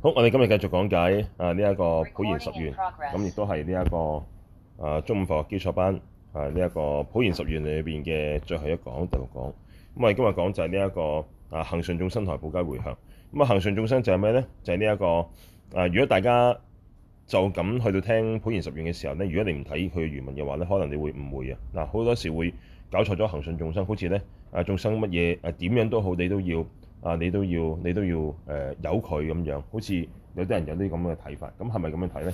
好，我哋今日繼續講解啊呢一、這個嗯這個《普賢十願》，咁亦都係呢一個啊中午佛學基礎班啊呢一、這個《普賢十願》裏邊嘅最後一講第六講。咁、嗯、我哋今日講就係呢一個啊恒順眾生台普皆回向。咁、嗯、啊恒順眾生就係咩咧？就係呢一個啊，如果大家就咁去到聽《普賢十願》嘅時候咧，如果你唔睇佢嘅原文嘅話咧，可能你會誤會啊。嗱，好多時候會搞錯咗恒順眾生，好似咧啊眾生乜嘢啊點樣都好，你都要。啊！你都要，你都要誒、呃、有佢咁樣，好似有啲人有啲咁嘅睇法。咁係咪咁樣睇呢？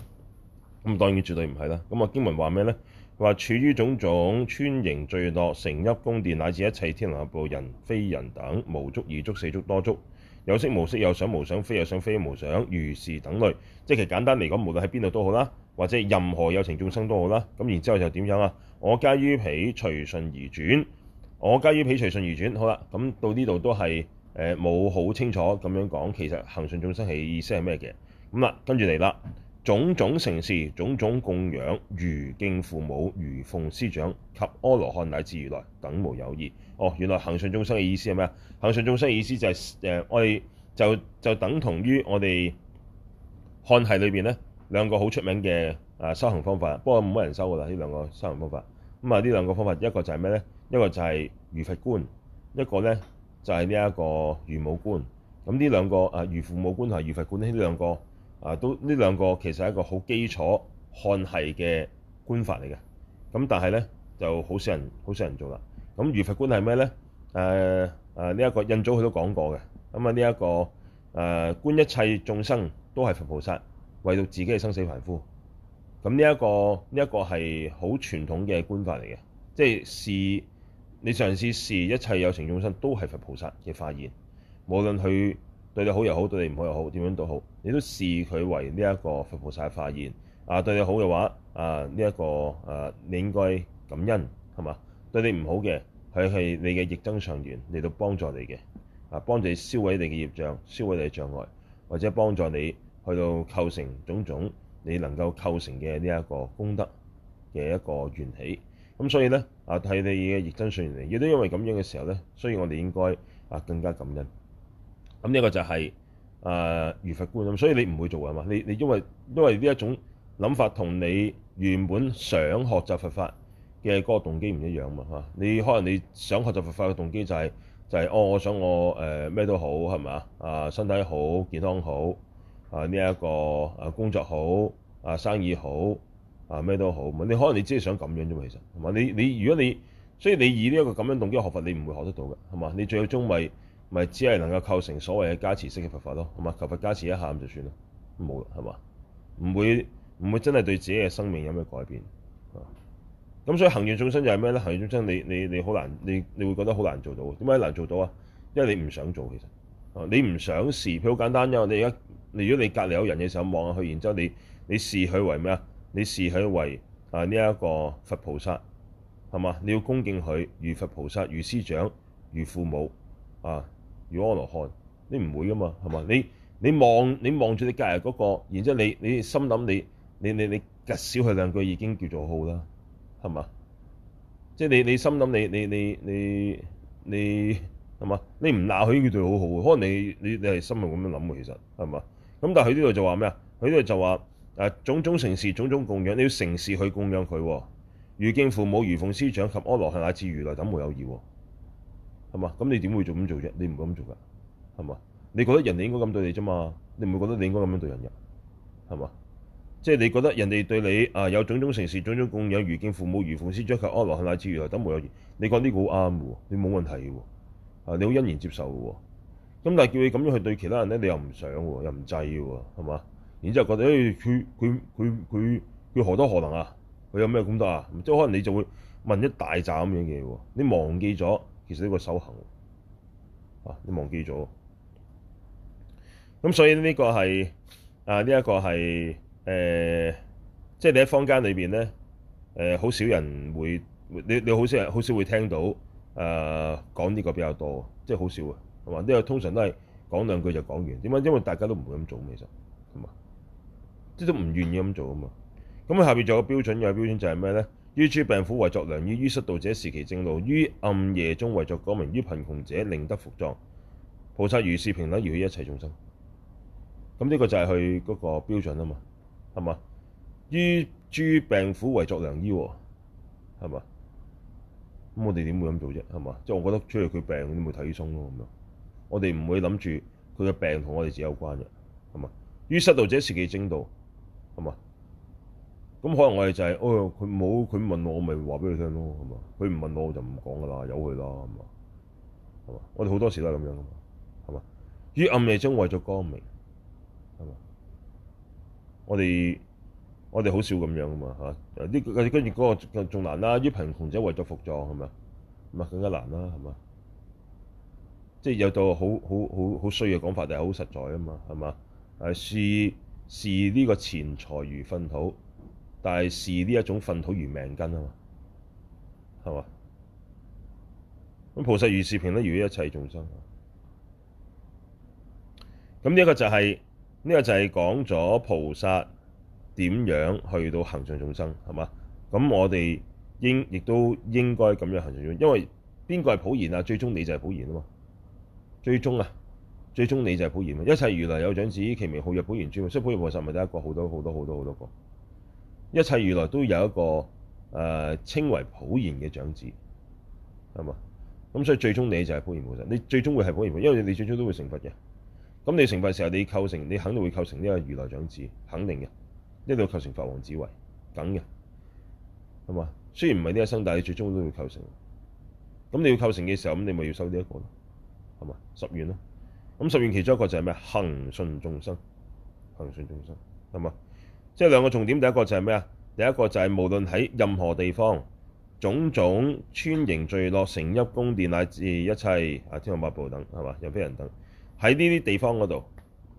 咁當然絕對唔係啦。咁啊經文話咩呢？話處於種種村營聚落、城邑、宮殿，乃至一切天龍八部人非人等，無足二足，四足多足，有色無色，有想無想，非有想非有想非無想，如是等類。即係簡簡單嚟講，無論喺邊度都好啦，或者任何有情眾生都好啦。咁然之後就點樣啊？我皆於彼隨順而轉，我皆於彼隨順而轉。好啦，咁到呢度都係。誒，冇好清楚咁樣講，其實恒順眾生係意思係咩嘅？咁、嗯、啦，跟住嚟啦，種種承事，種種供養，如敬父母，如奉師長，及阿羅漢乃至如來，等無有異哦，原來恒順眾生嘅意思係咩啊？恒順眾生嘅意思就係、是、誒、呃，我哋就就等同於我哋漢系裏面咧兩個好出名嘅啊修行方法，不過冇乜人修噶啦呢兩個修行方法。咁、嗯、啊，呢兩個方法一個就係咩咧？一個就係如佛觀，一個咧。就係呢一個如母觀，咁呢兩個啊，如父母觀同埋如佛觀呢兩個啊，都呢兩個其實係一個好基礎漢系嘅觀法嚟嘅。咁但係咧就好少人，好少人做啦。咁如佛觀係咩咧？誒、啊、誒，呢、啊、一、這個印祖佢都講過嘅。咁、嗯這個、啊，呢一個誒觀一切眾生都係佛菩薩，唯獨自己係生死凡夫。咁呢一個呢一、這個係好傳統嘅觀法嚟嘅，即係是，是。你嘗試試一切有情眾生都係佛菩薩嘅化現，無論佢對你好又好，對你唔好又好，點樣都好，你都視佢為呢一個佛菩薩嘅化現。啊，對你好嘅話，啊呢一、呢個誒、啊，你應該感恩係嘛？對你唔好嘅，佢係你嘅逆增上緣嚟到幫助你嘅。啊，幫助你消毀你嘅業障、消毀你嘅障礙，或者幫助你去到構成種種你能夠構成嘅呢一個功德嘅一個緣起。咁所以咧，啊睇你嘅逆增上緣嚟，亦都因為咁樣嘅時候咧，所以我哋應該啊更加感恩。咁呢一個就係誒如佛觀咁，所以你唔會做啊嘛？你你因為因為呢一種諗法同你原本想學習佛法嘅嗰個動機唔一樣啊嘛嚇。你可能你想學習佛法嘅動機就係、是、就係、是、哦，我想我誒咩、呃、都好係咪？啊、呃，身體好，健康好啊呢一個啊、呃、工作好啊、呃、生意好。啊！咩都好，你可能你只係想咁樣啫嘛。其實係嘛你你如果你所以你以呢一個咁樣動機學佛，你唔會學得到嘅係嘛？你最終咪咪只係能夠構成所謂嘅加持式嘅佛法咯，係嘛？求佛加持一下咁就算啦，冇啦係嘛？唔會唔會真係對自己嘅生命有咩改變啊？咁所以恒順眾生就係咩咧？恒順眾生你你你好難你你會覺得好難做到嘅，點解難做到啊？因為你唔想做其實啊，你唔想試，佢好簡單，因為你而家你如果你隔離有人嘅時候望下佢，然之後你你視佢為咩啊？你視佢為啊呢一個佛菩薩係嘛？你要恭敬佢，如佛菩薩，如師長，如父母啊，如阿羅漢，你唔會噶嘛係嘛？你你望你望住你隔日嗰、那個，然之後你你心諗你你你你，你少佢兩句已經叫做好啦，係嘛？即、就、係、是、你你心諗你你你你你係嘛？你唔鬧佢佢對好好，可能你你你係心入咁樣諗嘅其實係嘛？咁但係佢呢度就話咩啊？佢呢度就話。啊，種種承事，種種供養，你要承事去供養佢。如敬父母，如奉師長及阿羅漢乃至如來等無有異喎，係嘛？咁你點會做咁做啫？你唔會咁做㗎，係嘛？你覺得人哋應該咁對你啫嘛？你唔會覺得你應該咁樣對人㗎，係嘛？即係你覺得人哋對你啊，有種種承事，種種供養，如敬父母，如奉師長及阿羅漢乃至如來等無有異？你講啲嘢好啱喎，你冇問題嘅，啊，你好欣然接受嘅。咁但係叫你咁樣去對其他人咧，你又唔想喎，又唔制嘅喎，係嘛？然之後覺得，誒佢佢佢佢佢何德何能啊？佢有咩咁多啊？即係可能你就會問一大紮咁樣嘢你忘記咗，其實呢個修行，啊，你忘記咗。咁所以呢個係啊，呢、這、一個係誒，即、呃、係、就是、你喺坊間裏邊咧，誒、呃、好少人會你你好少人好少會聽到啊講呢個比較多，即係好少啊，係嘛？呢、這個通常都係講兩句就講完。點解？因為大家都唔會咁做，其實同埋。即都唔願意咁做啊嘛。咁啊，下邊仲有個標準，有個標準就係咩咧？於諸病苦為作良醫，於失道者示其正路，於暗夜中為作光明，於貧窮者令得伏藏。菩薩如是平等饒益一切眾生。咁呢個就係佢嗰個標準啊嘛，係嘛？於諸病苦為作良醫，係嘛？咁我哋點會咁做啫？係嘛？即係我覺得，出去佢病，我都冇睇醫生咁樣。我哋唔會諗住佢嘅病同我哋自己有關嘅，係嘛？於失道者示其正路。係嘛？咁、嗯、可能我哋就係、是，哦，佢冇佢問我，我咪話俾佢聽咯，係嘛？佢唔問我，我就唔講噶啦，由佢啦，係嘛？係嘛？我哋好多時都係咁樣噶嘛，係嘛？於暗夜中為咗光明，係嘛？我哋我哋好少咁樣噶嘛吓，呢跟住嗰個仲難難啦，於貧窮者為咗伏藏係嘛，咁更加難啦，係嘛？即、就、係、是、有到好好好好衰嘅講法，但係好實在啊嘛，係嘛？係是。視呢個錢財如糞土，但係視呢一種糞土如命根啊嘛，係嘛？咁菩薩如是平等饒益一切眾生，咁呢一個就係、是、呢、這個就係講咗菩薩點樣去到行善眾生，係嘛？咁我哋應亦都應該咁樣行善眾生，因為邊個係普賢啊？最終你就係普賢啊嘛，最終啊！最終你就係普賢，一切如來有長子，其名號曰普賢尊嘛。所以普賢菩薩咪得一個，好多好多好多好多，多個。一切如來都有一個誒、呃、稱為普賢嘅長子，係嘛？咁所以最終你就係普賢菩薩。你最終會係普賢菩，因為你最終都會成佛嘅。咁你成佛嘅時候，你構成你肯定會構成呢個如來長子，肯定嘅。一定要構成法王子為梗嘅，係嘛？雖然唔係呢一生，但係你最終都會構成。咁你要構成嘅時候，咁你咪要修呢、這、一個咯，係嘛？十願咯。咁十願其中一個就係咩？恒順眾生，恒順眾生，係嘛？即、就、係、是、兩個重點。第一個就係咩啊？第一個就係、是、無論喺任何地方，種種村營聚落、城邑、宮殿乃至一切啊，天龍八部等係嘛？人、非人等喺呢啲地方嗰度，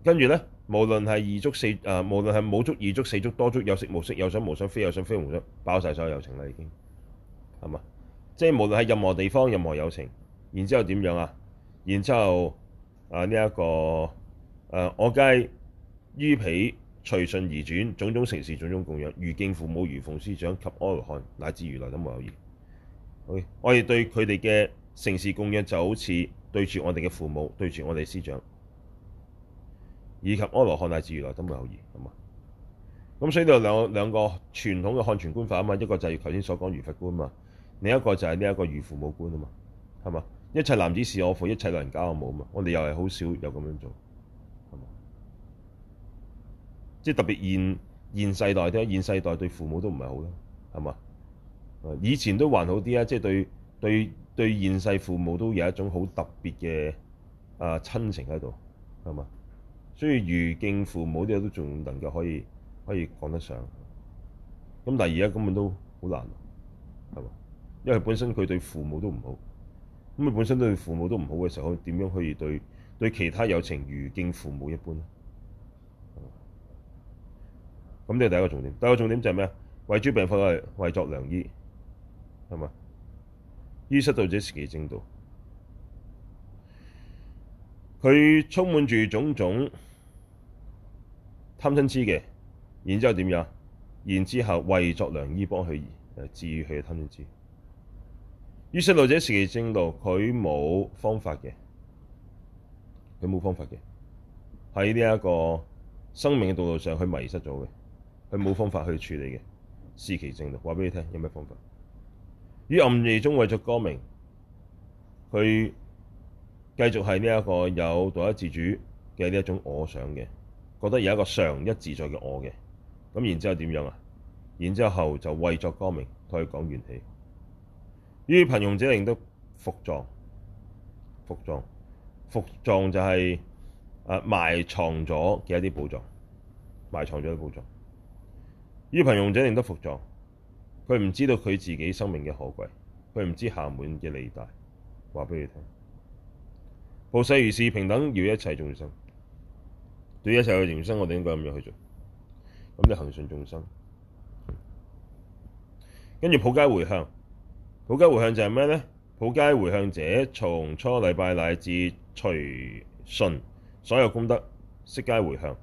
跟住咧，無論係二足四啊，無論係冇足、二足、四足、多足，有色，有無色有，有，有想無想，非有想非無想，包晒所有有情啦，已經係嘛？即、就、係、是、無論係任何地方，任何有情，然之後點樣啊？然之後。啊！呢、這、一個誒、啊，我皆於彼隨順而轉，種種承事，種種供養，如敬父母，如奉師長，及阿羅漢，乃至如來都無有異。O.K. 我哋對佢哋嘅承事供養，就好似對住我哋嘅父母，對住我哋師長，以及阿羅漢乃至如來都無有異。咁啊，咁所以呢度兩兩個傳統嘅漢傳觀法啊嘛，一個就係頭先所講如佛觀啊嘛，另一個就係呢一個如父母觀啊嘛，係嘛？一切男子是我父，一切老人家我母嘛。我哋又係好少有咁樣做，係嘛？即係特別現現世代咧，現世代對父母都唔係好咯，係嘛？以前都還好啲啊，即係對對對現世父母都有一種好特別嘅啊親情喺度，係嘛？所以如敬父母啲嘢，都仲能夠可以可以講得上，咁但係而家根本都好難，係嘛？因為本身佢對父母都唔好。咁佢本身對父母都唔好嘅時候，點樣可以對對其他有情如敬父母一般呢？咁呢個第一個重點。第二個重點就係咩啊？於諸病苦為作良醫，係嘛？於失道者示其正道。佢充滿住種種貪嗔痴嘅，然之後點呀？然之後為作良醫幫佢治癒佢嘅貪嗔痴。於失道者示其正路，佢冇方法嘅，佢冇方法嘅，喺呢一個生命嘅道路上，佢迷失咗嘅，佢冇方法去處理嘅，示其正路，話畀你聽有咩方法？於暗夜中為作光明，佢繼續係呢一個有獨一自主嘅呢一種我想嘅，覺得有一個常一自在嘅我嘅，咁然之後點樣啊？然之後就為作光明，同佢講緣起。於貧窮者令得伏藏，伏藏，伏藏就係、是啊、埋藏咗嘅一啲寶藏，埋藏咗啲寶藏。於貧窮者令得伏藏，佢唔知道佢自己生命嘅可貴，佢唔知道下滿嘅利大。話俾你聽，菩薩如是平等饒益一切眾生，對於一切嘅人生，我哋應該咁樣去做，咁就恒順眾生。跟住普皆回向。普皆回向就係咩呢？普皆回向者，從初禮拜乃至隨順所有功德，悉皆回向。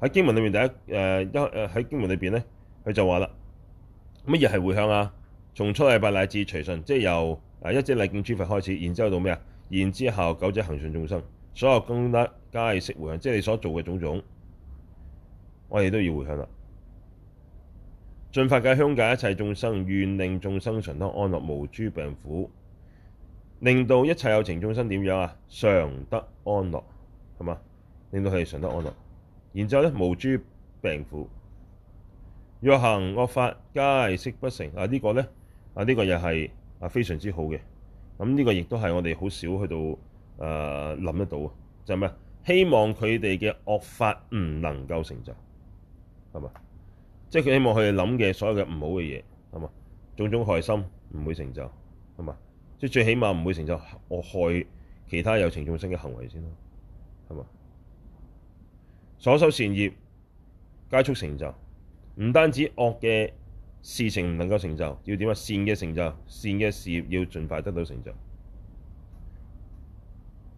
喺經文裏面，第一，誒一誒喺經文裏邊咧，佢就話啦，乜嘢係回向啊？從初禮拜乃至隨順，即係由、呃、一者禮敬諸佛開始，然之後到咩啊？然之後九者恆順眾生，所有功德皆悉回向，即係你所做嘅種種，我哋都要回向啦。盡法界虛空界一切眾生，願令眾生常得安樂，無諸病苦，令到一切有情眾生點樣啊？常得安樂係嘛？令到佢哋常得安樂，然之後咧無諸病苦，若行惡法，皆悉不成。啊、呢個、呢啊、呢個咧，啊呢個又係啊非常之好嘅。咁、啊、呢、呢個亦都係我哋好少去到誒諗、啊、得到，就係、是、咩？希望佢哋嘅惡法唔能夠成就，係嘛？即係佢希望佢哋諗嘅所有嘅唔好嘅嘢，係嘛？種種害心唔會成就，係嘛？即係最起碼唔會成就我害其他有情眾生嘅行為先啦，係嘛？所修善業皆速成就，唔單止惡嘅事情唔能夠成就，要點啊？善嘅成就，善嘅事業要儘快得到成就，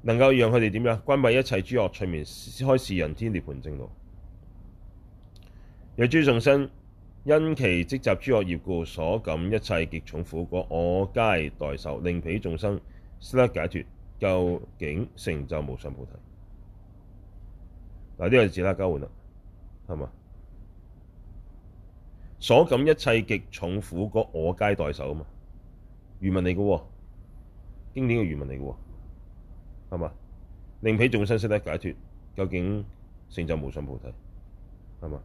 能夠讓佢哋點呀？關閉一切諸惡趣門，開示人天涅槃正路。若諸眾生因其積集諸惡業故，所感一切極重苦果，我皆代受，令彼眾生悉得解脫，究竟成就無上菩提。嗱，呢個字啦，交換啦，係嘛？所感一切極重苦果，我皆代受啊嘛。原文嚟噶，經典嘅原文嚟噶，係嘛？令彼眾生悉得解脫，究竟成就無上菩提，係嘛？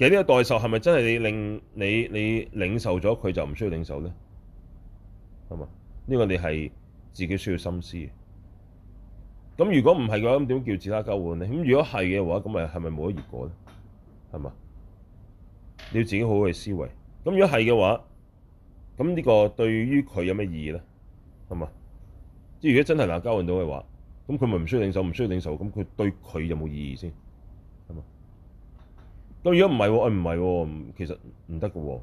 其實呢個代受係咪真係你令你你，你領受咗佢就唔需要領受咧？係嘛？呢個你係自己需要深思嘅。咁如果唔係嘅話，咁點叫自他交換咧？咁如果係嘅話，咁咪係咪冇咗結果咧？係嘛？你要自己好好嘅思維。咁如果係嘅話，咁呢個對於佢有咩意義咧？係嘛？即係如果真係能交換到嘅話，咁佢咪唔需要領受，唔需要領受，咁佢對佢有冇意義先？咁如果唔係喎，誒唔係喎，其實唔得嘅喎。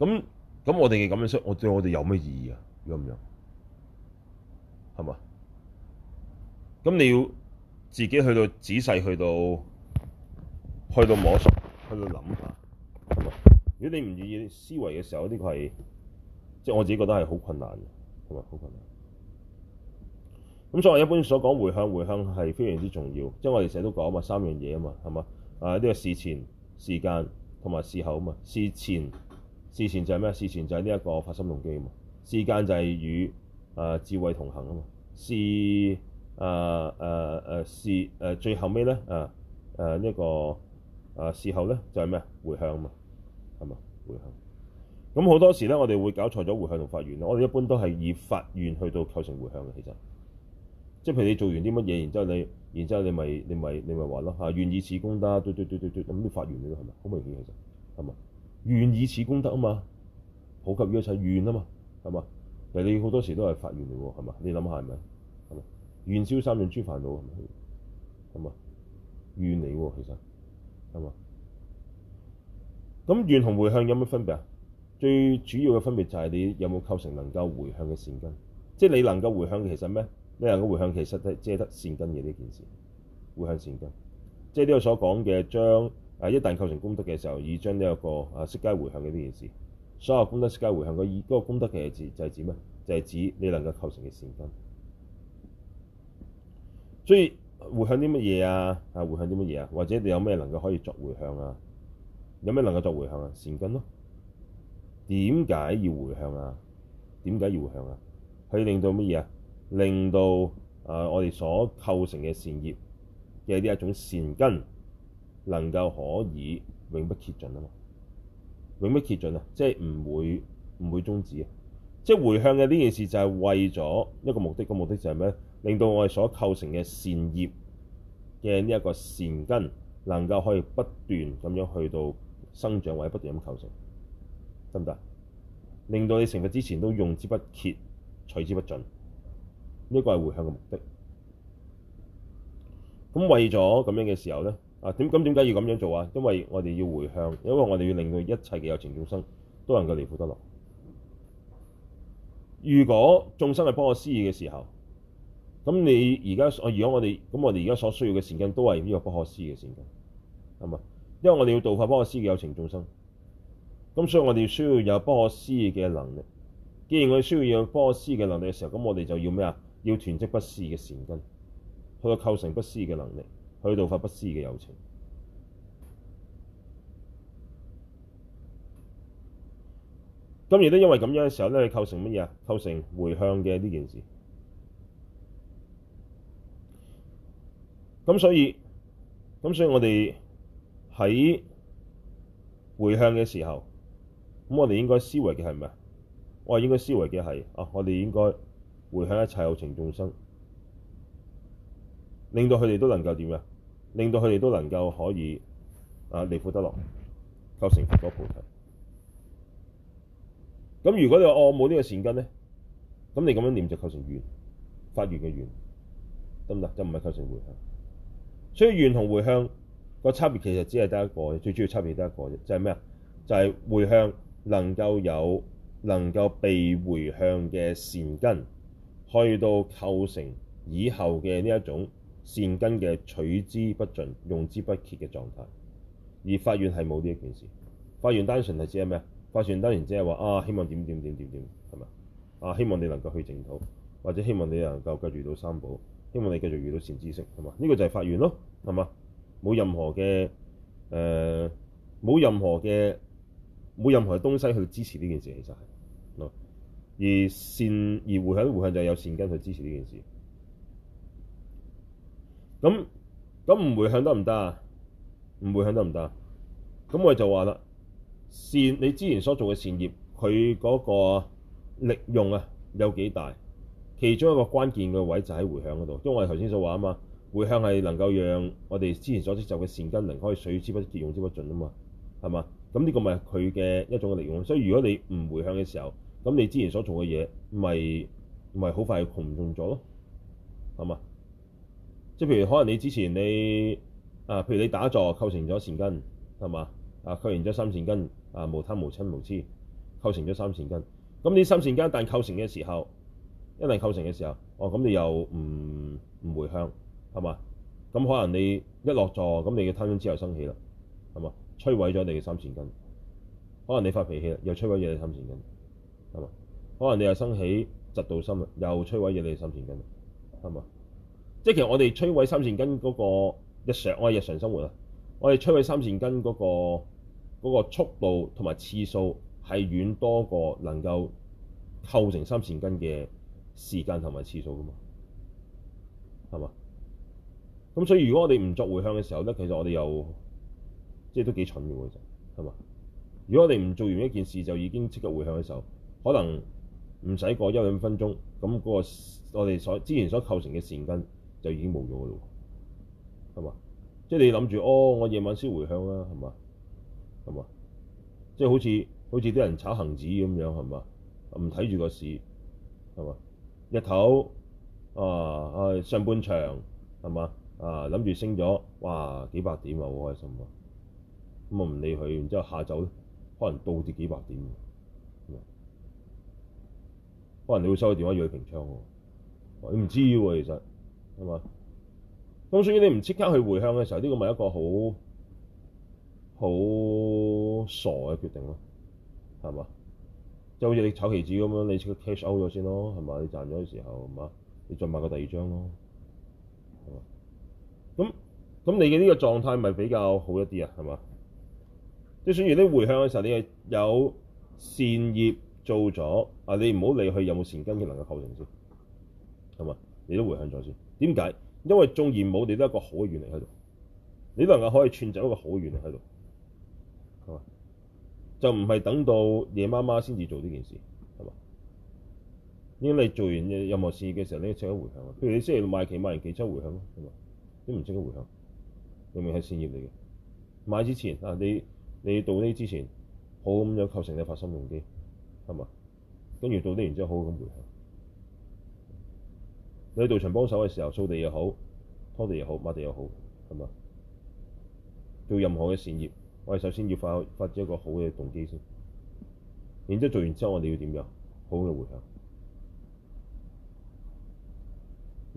咁咁，我哋嘅咁樣出，我對我哋有咩意義啊？咁樣係嘛？咁你要自己去到仔細，去到去到摸索，去到諗下，係嘛？如果你唔願意思維嘅時候，呢個係即係我自己覺得係好困難嘅，係嘛？好困難。咁所以，我一般所講回向，回向係非常之重要，即係我哋成日都講啊嘛，三樣嘢啊嘛，係嘛？啊呢個事前。時間同埋事後啊嘛，事前事前就係咩啊？事前就係呢一個發心動機啊嘛。時間就係與啊、呃、智慧同行啊嘛。事啊啊啊事啊、呃、最後尾咧啊啊呢、呃這個啊、呃、事後咧就係咩啊？迴向啊嘛，係嘛？迴向咁，好多時咧，我哋會搞錯咗迴向同發願。我哋一般都係以發願去到構成迴向嘅，其實。即係譬如你做完啲乜嘢，然之後你，然之後你咪你咪你咪話咯，吓願以此功德，對對對對對，咁都發願你都係咪？好明顯其實，係嘛？願以此功德啊嘛，普及於一切願啊嘛，係嘛？但你好多時都係發願嚟喎，係嘛？你諗下係咪？係咪？願消三障諸煩惱，係咪？係嘛？願嚟喎，其實，係嘛？咁願同回向有咩分別啊？最主要嘅分別就係你有冇構成能夠回向嘅善根，即係你能夠回向嘅其實咩？你能夠回向其實都遮得善根嘅呢件事，回向善根，即係呢個所講嘅將啊，一旦構成功德嘅時候，已將呢一個啊悉皆回向嘅呢件事，所有功德悉皆回向嘅以嗰個功德嘅實就係指就係指咩？就係、係、指你能夠構成嘅善根。所以回向啲乜嘢啊？啊回向啲乜嘢啊？或者你有咩能夠可以作回向啊？有咩能夠作回向啊？善根咯、啊。點解要回向啊？點解要回向啊？去令到乜嘢啊？令到啊！我哋所構成嘅善業嘅呢一種善根，能夠可以永不竭盡啊嘛！永不竭盡啊，即係唔會唔會終止啊！即係回向嘅呢件事就係為咗一個目的，個目的就係咩？令到我哋所構成嘅善業嘅呢一個善根，能夠可以不斷咁樣去到生長位，或者不斷咁構成，得唔得？令到你成佛之前都用之不竭，取之不盡。呢個係回向嘅目的。咁為咗咁樣嘅時候咧，啊點咁點解要咁樣做啊？因為我哋要回向，因為我哋要令到一切嘅有情眾生都能夠離苦得樂。如果眾生係不可思議嘅時候，咁你而家我如果我哋咁，我哋而家所需要嘅善根都係呢個不可思議嘅善根，係嘛？因為我哋要度化不可思議嘅有情眾生，咁所以我哋需要有不可思議嘅能力。既然我哋需要有不可思議嘅能力嘅時候，咁我哋就要咩啊？要囤積不思嘅善根，去到構成不思嘅能力，去到發不思嘅友情。咁而都因為咁樣嘅時候咧，你構成乜嘢啊？構成回向嘅呢件事。咁所以，咁所以我哋喺回向嘅時候，咁我哋應該思維嘅係咩？我哋應該思維嘅係啊，我哋應該。回向一切有情眾生，令到佢哋都能夠點呀？令到佢哋都能夠可以啊離苦得樂，構成佛果菩提。咁如果你話我冇呢個善根咧，咁你咁樣念就構成願，發願嘅願，得唔得？就唔係構成回向。所以願同回向個差別其實只係得一個，最主要差別得一個啫，就係咩啊？就係、是、回向能夠有能夠被回向嘅善根。去到構成以後嘅呢一種善根嘅取之不盡、用之不竭嘅狀態，而發願係冇呢一件事。發願單純係指係咩啊？發願單純只係話啊，希望點點點點點係咪啊？希望你能夠去淨土，或者希望你能夠繼續遇到三寶，希望你繼續遇到善知識係嘛？呢、這個就係發願咯，係嘛？冇任何嘅誒，冇、呃、任何嘅冇任何嘅東西去支持呢件事，其實係。而善而迴向，迴向就係有善根去支持呢件事那。咁咁唔迴向得唔得啊？唔迴向得唔得？咁我就話啦，善你之前所做嘅善業，佢嗰個力用啊有幾大？其中一個關鍵嘅位就喺迴向嗰度，因為我哋頭先所話啊嘛，迴向係能夠讓我哋之前所接受嘅善根，能可以水之不竭、用之不盡啊嘛，係嘛？咁呢個咪佢嘅一種嘅力用。所以如果你唔迴向嘅時候，咁你之前所做嘅嘢，咪咪好快窮盡咗咯，係嘛？即係譬如可能你之前你啊，譬如你打坐構成咗善根，係嘛？啊構成咗三善根，啊無貪無瞋無痴構成咗三善根。咁你三善根但構成嘅時候，一旦構成嘅時候，哦、啊、咁你又唔唔回向，係嘛？咁可能你一落座，咁你嘅貪瞋之後生起啦，係嘛？摧毀咗你嘅三善根，可能你發脾氣啦，又摧毀咗你三善根。係嘛？可能你又生起嫉妒心啦，又摧毀咗你嘅三善根啦。係嘛？即係其實我哋摧毀三善根嗰個日常，我哋日常生活啊，我哋摧毀三善根嗰、嗰個嗰個速度同埋次數係遠多過能夠構成三善根嘅時間同埋次數噶嘛？係嘛？咁所以如果我哋唔作回向嘅時候咧，其實我哋又即係都幾蠢嘅喎。其實係嘛？如果我哋唔做完一件事就已經即刻回向嘅時候。可能唔使過一兩分鐘，咁、那、嗰個我哋所之前所構成嘅善根就已經冇咗嘅咯喎，係嘛？即、就、係、是、你諗住，哦，我夜晚先回向啦，係嘛？係嘛？即係、就是、好似好似啲人炒恒指咁樣，係嘛？唔睇住個市，係嘛？日頭啊，啊，上半場係嘛？啊，諗住升咗，哇，幾百點好開心喎！咁啊唔理佢，然之後下晝咧，可能倒跌幾百點。可能你會收個電話要佢平倉喎，你唔知喎，其實係嘛、啊？咁所以你唔即刻去回向嘅時候，呢個咪一個好好傻嘅決定咯，係嘛？就好似你炒棋子咁樣，你先 cash out 咗先咯，係嘛？你賺咗嘅時候，係嘛？你再買個第二張咯，係嘛？咁咁你嘅呢個狀態咪比較好一啲啊，係嘛？即係所以你回向嘅時候，你係有善業。做咗啊！你唔好理佢有冇善根，佢能夠構成先係嘛？你都回向咗先。點解？因為縱然冇，你都一個好嘅原離喺度，你都能夠可以串走一個好嘅原遠喺度，係嘛？就唔係等到夜媽媽先至做呢件事係嘛？因為你做完任何事嘅時候，你也即刻回向。譬如你星期六買期買完期，周回向咯，係嘛？都唔即刻回向，明明係善業嚟嘅。買之前嗱，啊，你你到呢之前好咁樣構成你發心動機。係嘛？跟住到啲完之後，好好咁迴向。你去道場幫手嘅時候，掃地又好，拖地又好，抹地又好，係嘛？做任何嘅善業，我哋首先要發展一個好嘅動機先。然之後做完之後，我哋要點樣？好好嘅迴向。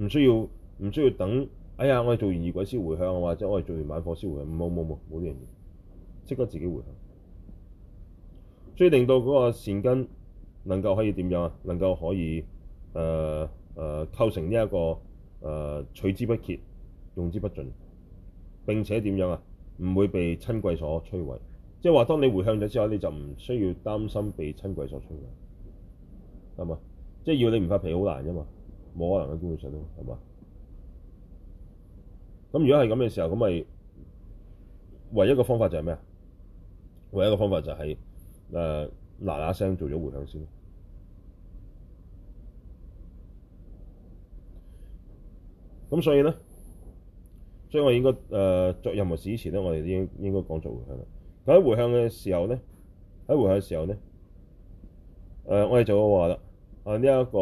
唔需要唔需要等？哎呀，我哋做完儀軌先迴向或者即係我哋做完晚課先迴向。冇冇冇冇呢樣嘢，即刻自己迴向。所以令到嗰個善根能夠可以點樣啊？能夠可以誒誒、呃呃、構成呢、這、一個誒、呃、取之不竭、用之不盡。並且點樣啊？唔會被瞋恚所摧毀。即係話，當你迴向咗之後，你就唔需要擔心被瞋恚所摧毀，係嘛？即係要你唔發脾氣好難㗎嘛，冇可能喺觀世上。咯，係嘛？咁如果係咁嘅時候，咁咪唯一個方法就係咩啊？唯一個方法就係、是。誒嗱嗱聲做咗回向先，咁所以咧，所以我應該誒、呃、做任何事之前咧，我哋應應該講做回向。喺回向嘅時候咧，喺回向嘅時候咧，誒、呃、我哋就話啦，啊呢一、這個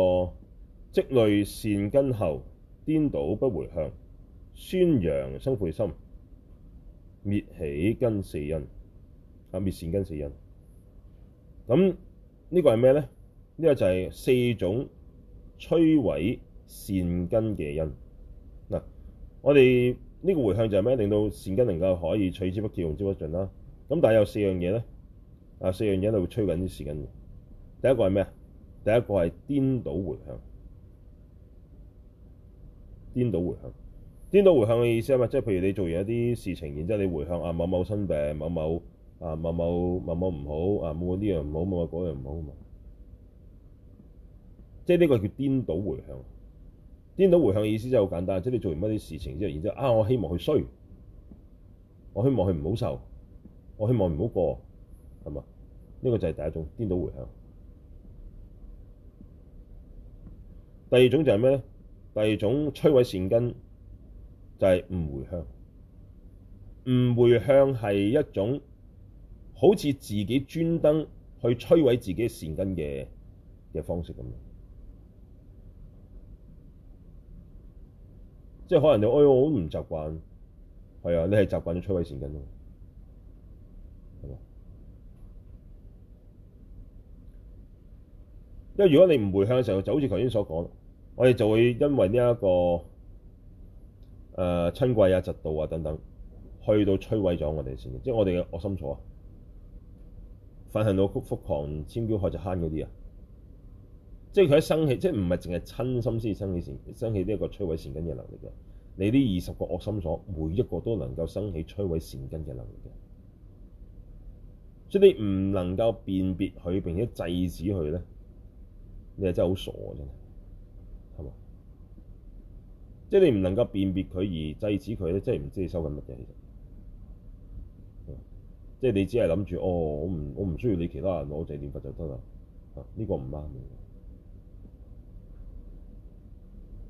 積累善根後，顛倒不回向，宣揚生悔心，滅起根四因，啊滅善根四因。咁、這個、呢個係咩咧？呢、這個就係四種摧毀善根嘅因。嗱，我哋呢個回向就係咩？令到善根能夠可以取之不竭、用之不盡啦。咁但係有四樣嘢咧，啊四樣嘢都會摧緊啲善根。第一個係咩啊？第一個係顛倒回向。顛倒回向，顛倒回向嘅意思啊嘛，即係譬如你做完一啲事情，然之後你回向啊某某生病，某某。啊某某某某唔好啊，某某呢樣唔好，某某嗰樣唔好啊，好好即係呢個叫顛倒回向。顛倒回向嘅意思就係好簡單，即係你做完乜啲事情之後，然之後啊，我希望佢衰，我希望佢唔好受，我希望唔好過，係嘛？呢個就係第一種顛倒回向。第二種就係咩咧？第二種摧毀善根，就係唔回向。唔回向係一種。好似自己專登去摧毀自己善根嘅嘅方式咁，即係可能你我我好唔習慣，係啊，你係習慣咗摧毀善根咯，係嘛？因為如果你唔回向嘅時候，就好似頭先所講，我哋就會因為呢、這、一個誒、呃、瞋恚啊、嫉妒啊等等，去到摧毀咗我哋嘅善根，即係我哋嘅惡心所啊。反係到屈福狂、遷彪害就慳嗰啲啊，即係佢一生起，即係唔係淨係親心先生起善氣，生起呢一個摧毀善根嘅能力嘅。你呢二十個惡心所，每一個都能夠生起摧毀善根嘅能力嘅。所以你唔能夠辨別佢，並且制止佢咧，你係真係好傻，真係，係嘛？即係你唔能夠辨別佢而制止佢咧，即係唔知你收緊乜嘢。即係你只係諗住哦，我唔我唔需要你其他人攞我念佛就得啦。啊，呢個唔啱。啊，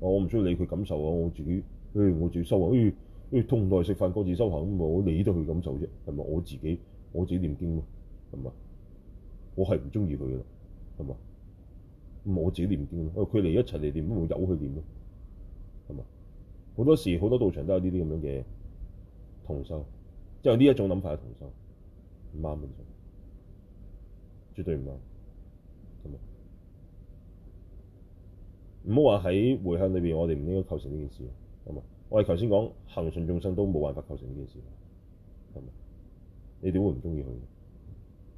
我唔、這個、需要理佢感受啊，我自己，誒、哎，我自己修行，誒、哎，誒、哎，同台食飯各自修行，咁我理得佢感受啫，係咪？我自己我自己念經啊，係嘛？我係唔中意佢嘅啦，係嘛？唔係我自己念經咯，佢嚟一齊嚟念，我由佢念咯，係嘛？好多時好多道場都有呢啲咁樣嘅同修，即係呢一種諗法係同修。唔啱，完全，絕對唔啱。咁啊，唔好話喺迴向裏面，我哋唔應該構成呢件事。咁啊，我哋頭先講，恒順眾生都冇辦法構成呢件事。咁啊，你點會唔中意佢？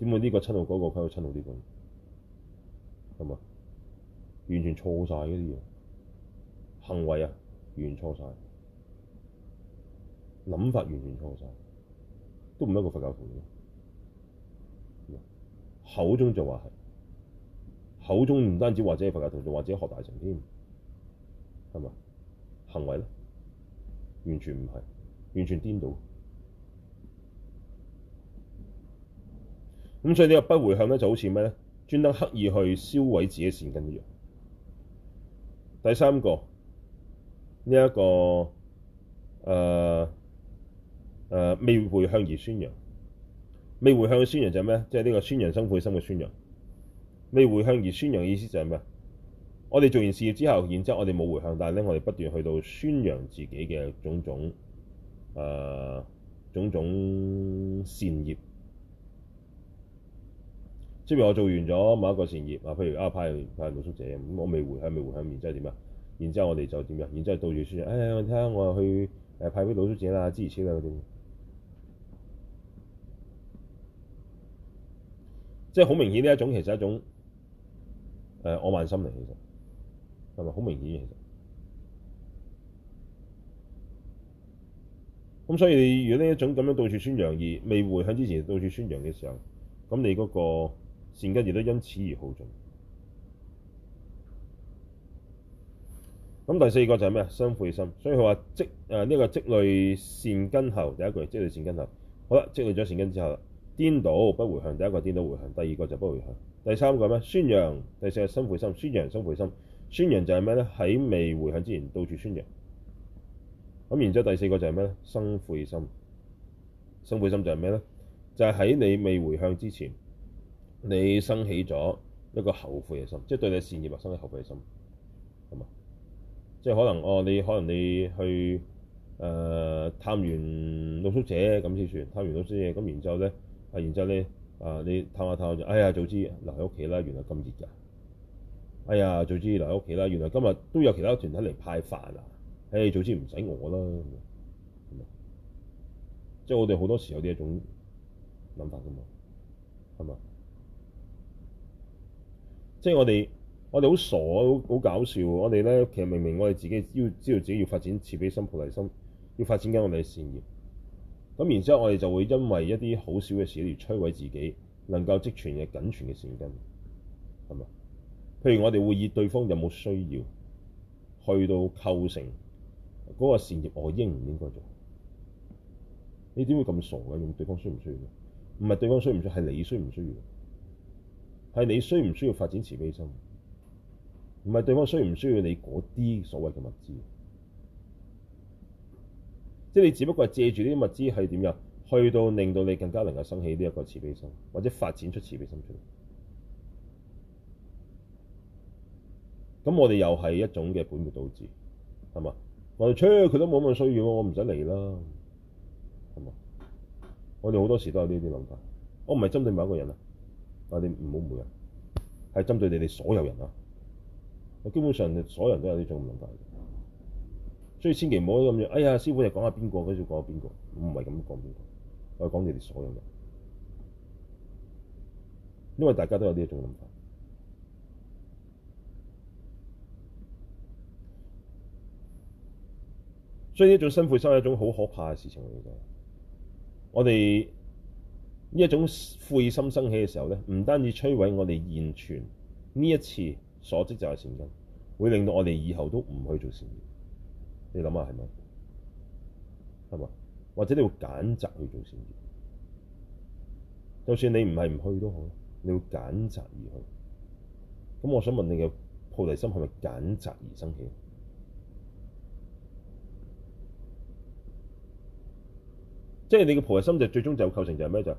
點會呢個親路嗰個，個，嗰個親路呢個？咁啊，完全錯晒嗰啲嘢，行為啊，完全錯晒。諗法完全錯晒，都唔係一個佛教徒口中就話係，口中唔單止或者係佛教徒，仲或者係學大成添，係咪？行為咧，完全唔係，完全顛倒。咁所以呢個不迴向咧，就好似咩咧？專登刻意去燒毀自己善根一樣。第三個，呢、這、一個，誒、呃、誒、呃、未迴向而宣揚。未回向嘅宣揚就係咩？即係呢個宣揚生悔心嘅宣揚。未回向而宣揚嘅意思就係咩？我哋做完事業之後，然之後我哋冇回向，但係咧我哋不斷去到宣揚自己嘅種種誒、呃、種種善業。即係譬如我做完咗某一個善業啊，譬如啊派派老叔姐咁，我未回向未回向，然之後點啊？然之後我哋就點啊？然之後到處宣揚，哎呀我睇下我又去誒派俾老叔姐啦，支持佢啦嗰啲。即係好明顯呢一種其實係一種誒我慢心嚟，其實係咪好明顯？其實咁，所以如果呢一種咁樣到處宣揚而未回向之前，到處宣揚嘅時候，咁你嗰個善根亦都因此而耗盡。咁第四個就係咩啊？傷悔心。所以佢話積誒呢、呃，這個積累善根後，第一句積累善根後，好啦，積累咗善根之後顛倒不回向，第一個顛倒回向，第二個就不回向，第三個咩？宣揚，第四係生悔心。宣揚生悔心，宣揚就係咩咧？喺未回向之前，到處宣揚。咁然之後，第四個就係咩咧？生悔心。生悔心就係咩咧？就係、是、喺你未回向之前，你生起咗一個後悔嘅心，即係對你嘅善業生起後悔嘅心，係嘛？即係可能哦，你可能你去誒、呃、探完露宿者咁先算，探完露宿者咁，然之後咧。係，然之後咧，啊，你探下探下就，哎呀，早知留喺屋企啦，原來咁熱㗎，啊！哎呀，早知留喺屋企啦，原來今日都有其他團體嚟派飯啊！誒、哎，早知唔使我啦，係嘛？即係我哋好多時候有啲一種諗法㗎嘛，係嘛？即係我哋，我哋好傻，好好搞笑。我哋咧，其實明明我哋自己要知道自己要發展慈悲心、菩提心，要發展緊我哋嘅善業。咁然之後，我哋就會因為一啲好少嘅事而摧毀自己能夠積存嘅僅存嘅善根，係嘛？譬如我哋會以對方有冇需要，去到構成嗰個善業，我應唔應該做？你點會咁傻嘅？用對方需唔需要？唔係對方需唔需要，係你需唔需要？係你需唔需要發展慈悲心？唔係對方需唔需要你嗰啲所謂嘅物資？即係你只不過係借住呢啲物資係點樣去到令到你更加能夠生起呢一個慈悲心，或者發展出慈悲心出嚟。咁我哋又係一種嘅本末倒置，係嘛？我哋出佢都冇乜需要，我唔使嚟啦，係嘛？我哋好多時都有呢啲諗法。我唔係針對某一個人啊，我哋唔好誤會，係針對你哋所有人啊。我基本上所有人都有呢種諗法。所以千祈唔好咁樣。哎呀，師傅又講下邊個，跟住講下邊個，唔係咁講邊個。我係講你哋所有人，因為大家都有呢一種諗法。所以呢種辛悔心係一種好可怕嘅事情嚟嘅。我哋呢一種悔心生起嘅時候咧，唔單止摧毀我哋現存呢一次所積就係善根，會令到我哋以後都唔去做善你諗下係咪？係嘛？或者你會揀擇去做善業，就算你唔係唔去都好，你會揀擇而去。咁我想問你嘅菩提心係咪揀擇而生起？即係你嘅菩提心就最終就構成就係咩？就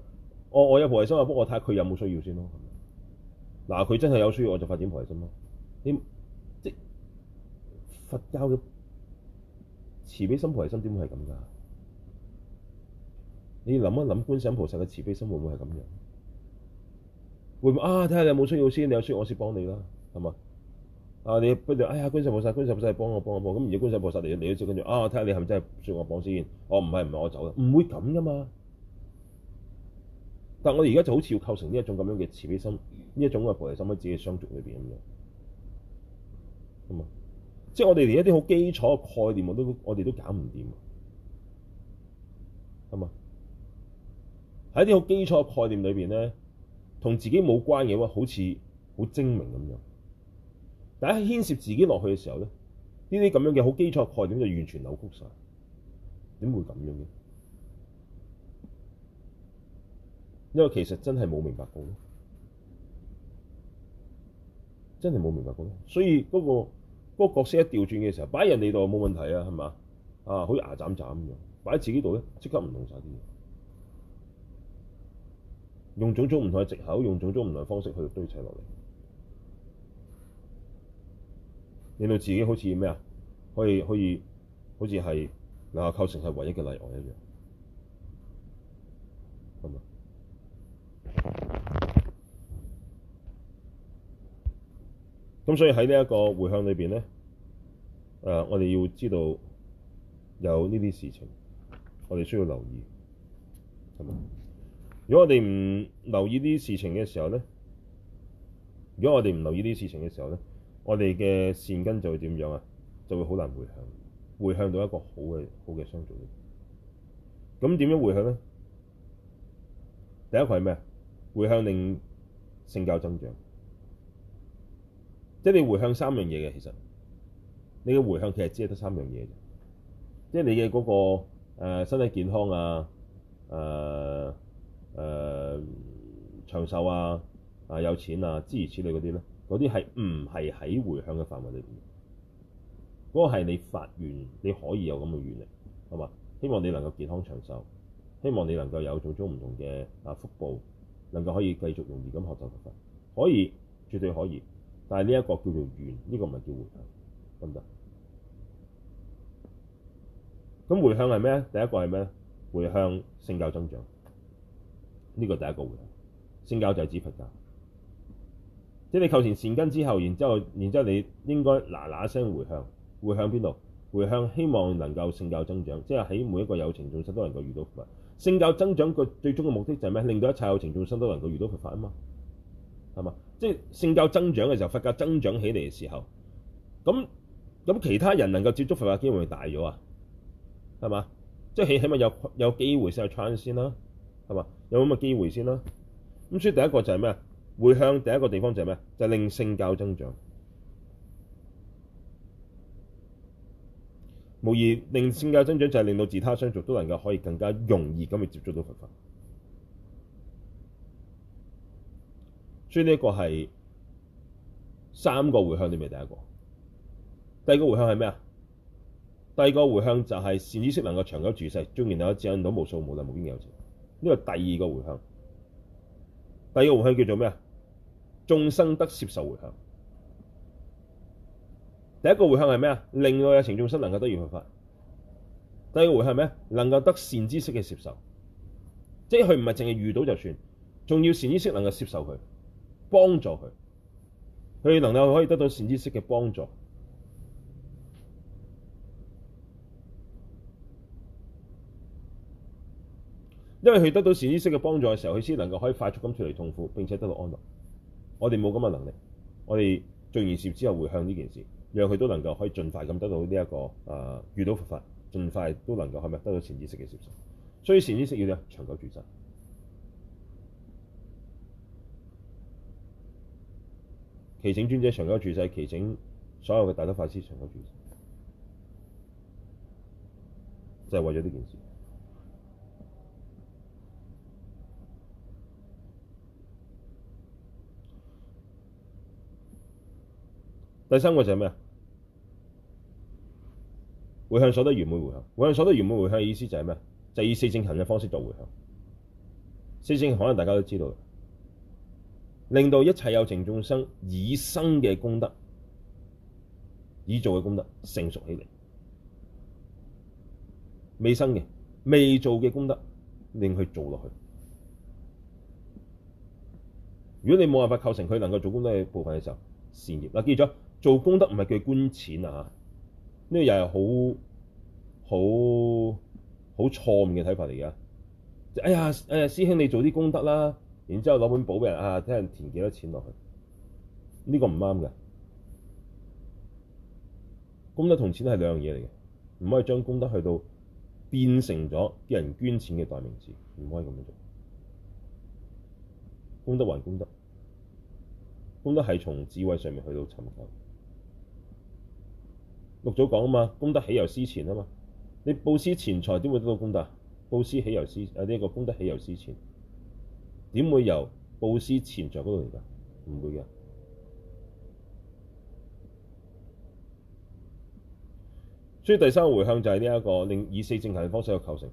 我我有菩提心啊，幫我睇下佢有冇需要先咯。係咪？嗱，佢真係有需要，我就發展菩提心咯。你即佛教嘅。慈悲心菩提心點會係咁噶？你諗一諗，觀世音菩薩嘅慈悲心會唔會係咁樣？會唔會啊？睇下你有冇需要先，你有需要我先幫你啦，係嘛？啊，你不哎呀，觀世音菩薩，觀世音菩薩幫我幫我幫，咁而家觀世音菩薩嚟你咗，跟住啊，睇下你係咪真係需要我幫先，哦？我唔係唔係我走啦，唔會咁噶嘛。但係我而家就好似要構成呢一種咁樣嘅慈悲心，呢一種嘅菩提心喺自己嘅相續裏邊咁樣，係嘛？即係我哋連一啲好基礎嘅概念我都我哋都搞唔掂，係嘛？喺一啲好基礎嘅概念裏邊咧，同自己冇關嘅話，好似好精明咁樣。但係牽涉自己落去嘅時候咧，呢啲咁樣嘅好基礎概念就完全扭曲晒。點會咁樣嘅？因為其實真係冇明白過咯，真係冇明白過，所以嗰個。嗰個角色一調轉嘅時候，擺喺人哋度冇問題啊，係嘛？啊，好似牙斬斬咁樣，擺喺自己度咧，即刻唔同晒啲嘢。用種種唔同嘅藉口，用種種唔同嘅方式去堆砌落嚟，令到自己好似咩啊？可以可以，好似係兩下構成係唯一嘅例外一樣，係嘛？咁所以喺呢一個回向裏邊咧，誒，我哋要知道有呢啲事情，我哋需要留意。係嘛？如果我哋唔留意呢啲事情嘅時候咧，如果我哋唔留意呢啲事情嘅時候咧，我哋嘅善根就會點樣啊？就會好難回向，回向到一個好嘅好嘅相續。咁點樣回向咧？第一個係咩啊？回向令聖教增長。即係你回向三樣嘢嘅，其實你嘅回向其實只係得三樣嘢嘅，即係你嘅嗰個身體健康啊、誒、呃、誒、呃、長壽啊、啊有錢啊，諸如此類嗰啲咧，嗰啲係唔係喺回向嘅範圍裏面？嗰個係你發願，你可以有咁嘅願力，係嘛？希望你能夠健康長壽，希望你能夠有種種唔同嘅啊福報，能夠可以繼續容易咁學習佛法，可以絕對可以。但係呢一個叫做願，呢、這個唔係叫回向，得唔得？咁回向係咩？第一個係咩？回向聖教增長，呢、這個第一個回向。聖教就係指佛教，即係你求前善根之後，然之後，然之後你應該嗱嗱聲回向，回向邊度？回向希望能夠聖教增長，即係喺每一個有情眾生都能夠遇到佛法。聖教增長嘅最終嘅目的就係咩？令到一切有情眾生都能夠遇到佛法啊嘛，係嘛？即係性教增長嘅時候，佛教增長起嚟嘅時候，咁咁其他人能夠接觸佛法機會,會大咗啊，係嘛？即係起起碼有有機會先去 try 先啦，係嘛？有咁嘅機會先啦。咁所以第一個就係咩啊？迴向第一個地方就係咩啊？就係令性教增長。無疑令性教增長就係令到自他相續都能夠可以更加容易咁去接觸到佛法。所以呢一個係三個回向，你咪第一個,第一個,第個回向係咩。第二個回向係咩啊？第二個回向就係善知識能夠長久住世，終然有指引到無數無量無邊嘅有情。呢個第二個回向。第二個回向,向叫做咩啊？眾生得攝受回向。第一個回向係咩啊？令到有情眾生能夠得遇佛法。第二個回向咩？能夠得善知識嘅攝受，即係佢唔係淨係遇到就算，仲要善知識能夠攝受佢。幫助佢，佢能夠可以得到善知識嘅幫助，因為佢得到善知識嘅幫助嘅時候，佢先能夠可以快速咁脫離痛苦，並且得到安樂。我哋冇咁嘅能力，我哋做完善之後回向呢件事，讓佢都能夠可以盡快咁得到呢、這、一個啊、呃、遇到佛法，盡快都能夠係咪得到善知識嘅攝受？所以善知識要點長久住身。祈請尊者長久住世。祈請所有嘅大德法師長久住世，就係、是、為咗呢件事。第三個就係咩？回向所得圓滿回向，回向所得圓滿回向嘅意思就係咩？就係、是、以四正行嘅方式做回向。四正行可能大家都知道。令到一切有情眾生已生嘅功德，已做嘅功德成熟起嚟，未生嘅、未做嘅功德，令佢做落去。如果你冇辦法構成佢能夠做功德嘅部分嘅時候，善業嗱，記住咗，做功德唔係叫捐錢啊，呢個又係好好好錯誤嘅睇法嚟噶。哎呀，哎呀，師兄你做啲功德啦。然之後攞本簿俾人啊，睇人填幾多錢落去，呢個唔啱嘅。功德同錢係兩樣嘢嚟嘅，唔可以將功德去到變成咗啲人捐錢嘅代名詞，唔可以咁樣做。功德還功德，功德係從智慧上面去到尋求。六祖講啊嘛，功德起由施錢啊嘛，你布施錢財點會得到功德？布施起由施啊，呢個功德起由施錢。點會由布施潛在嗰度嚟㗎？唔會嘅。所以第三個回向就係呢一個令以四正行嘅方式去構成，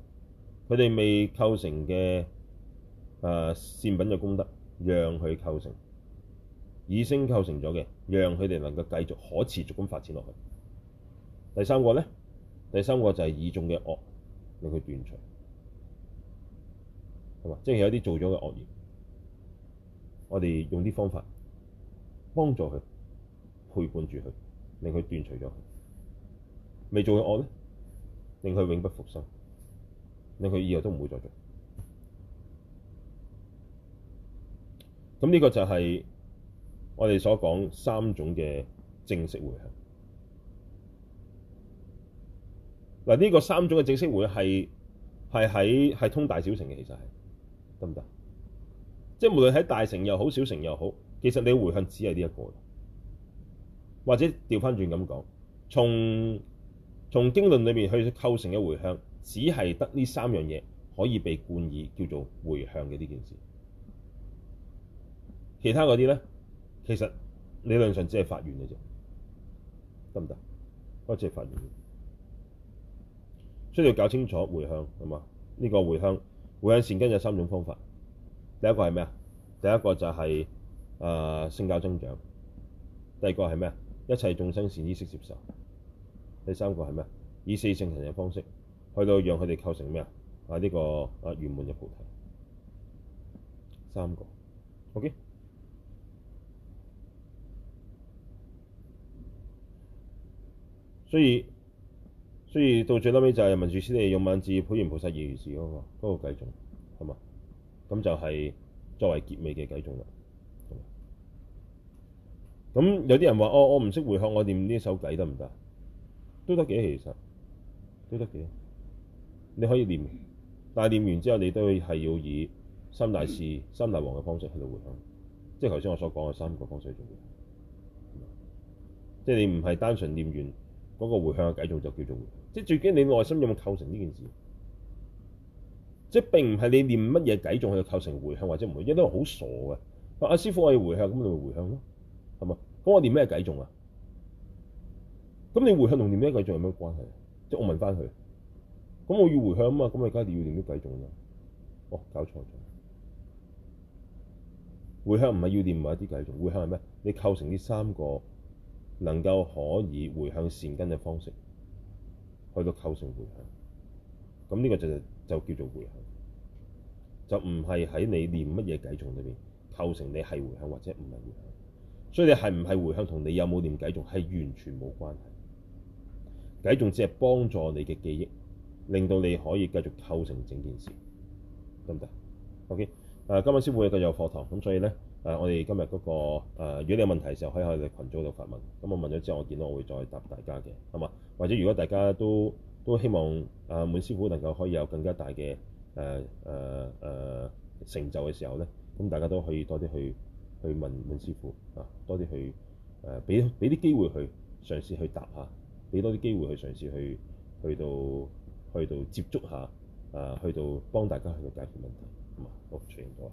佢哋未構成嘅誒、呃、善品嘅功德，讓佢構成；以星構成咗嘅，讓佢哋能夠繼續可持續咁發展落去。第三個咧，第三個就係二眾嘅惡，令佢斷除。係嘛？即係有啲做咗嘅惡業，我哋用啲方法幫助佢，陪伴住佢，令佢斷除咗。佢未做嘅惡咧，令佢永不復生，令佢以後都唔會再做。咁呢個就係我哋所講的三種嘅正式回向。嗱，呢個三種嘅正式回向係喺係通大小乘嘅，其實係。得唔得？即係無論喺大城又好，小城又好，其實你回向只係呢一個。或者調翻轉咁講，從從經論裏面去構成嘅回向，只係得呢三樣嘢可以被冠以叫做回向嘅呢件事。其他嗰啲咧，其實理論上只係發願嘅啫，得唔得？嗰只係發願。所以要搞清楚回向係嘛？呢個回向。是迴向善根有三種方法，第一個係咩啊？第一個就係、是、誒、呃、性教增長，第二個係咩啊？一切眾生善意識接受，第三個係咩啊？以四聖神嘅方式去到讓佢哋構成咩啊？啊、呃、呢、這個啊圓滿嘅菩提，三個，OK。所以。所以到最屘尾就係文殊師利用文字普賢菩薩，以如、那個那個、是嗰個嗰個偈仲係嘛？咁就係作為結尾嘅偈仲啦。咁有啲人話：哦，我唔識回向，我念呢首偈得唔得？都得嘅，其實都得嘅。你可以念，但係念完之後，你都係要以三大士、三大王嘅方式去到回向，即係頭先我所講嘅三個方式去做。即係、就是、你唔係單純念完嗰、那個回向嘅偈仲就叫做。即係最緊，你內心有冇構成呢件事？即係並唔係你念乜嘢偈頌去構成回向或者唔回，因為好傻嘅。阿師傅，我要回向，咁你咪回向咯，係嘛？咁我念咩偈頌啊？咁你回向同念咩偈頌有咩關係？即係我問翻佢。咁我要回向啊嘛，咁你而家要念咩偈頌啊？哦，搞錯咗。回向唔係要念埋一啲偈頌，回向係咩？你構成呢三個能夠可以回向善根嘅方式。去到構成回向，咁呢個就就叫做回向，就唔係喺你念乜嘢偈頌裏面構成你係回向或者唔係回向，所以你係唔係回向同你有冇念偈頌係完全冇關係，偈頌只係幫助你嘅記憶，令到你可以繼續構成整件事，得唔得？OK，今日先會個有課堂，咁所以咧。誒、呃，我哋今日嗰、那個、呃、如果你有問題嘅時候，可以喺我哋羣組度發問。咁我問咗之後，我見到我會再答大家嘅，係嘛？或者如果大家都都希望啊、呃、滿師傅能夠可以有更加大嘅誒誒誒成就嘅時候咧，咁大家都可以多啲去去問滿師傅啊，多啲去誒俾俾啲機會去嘗試去答下，俾多啲機會去嘗試去去到去到接觸下啊，去到幫大家去到解決問題，咁啊，多謝唔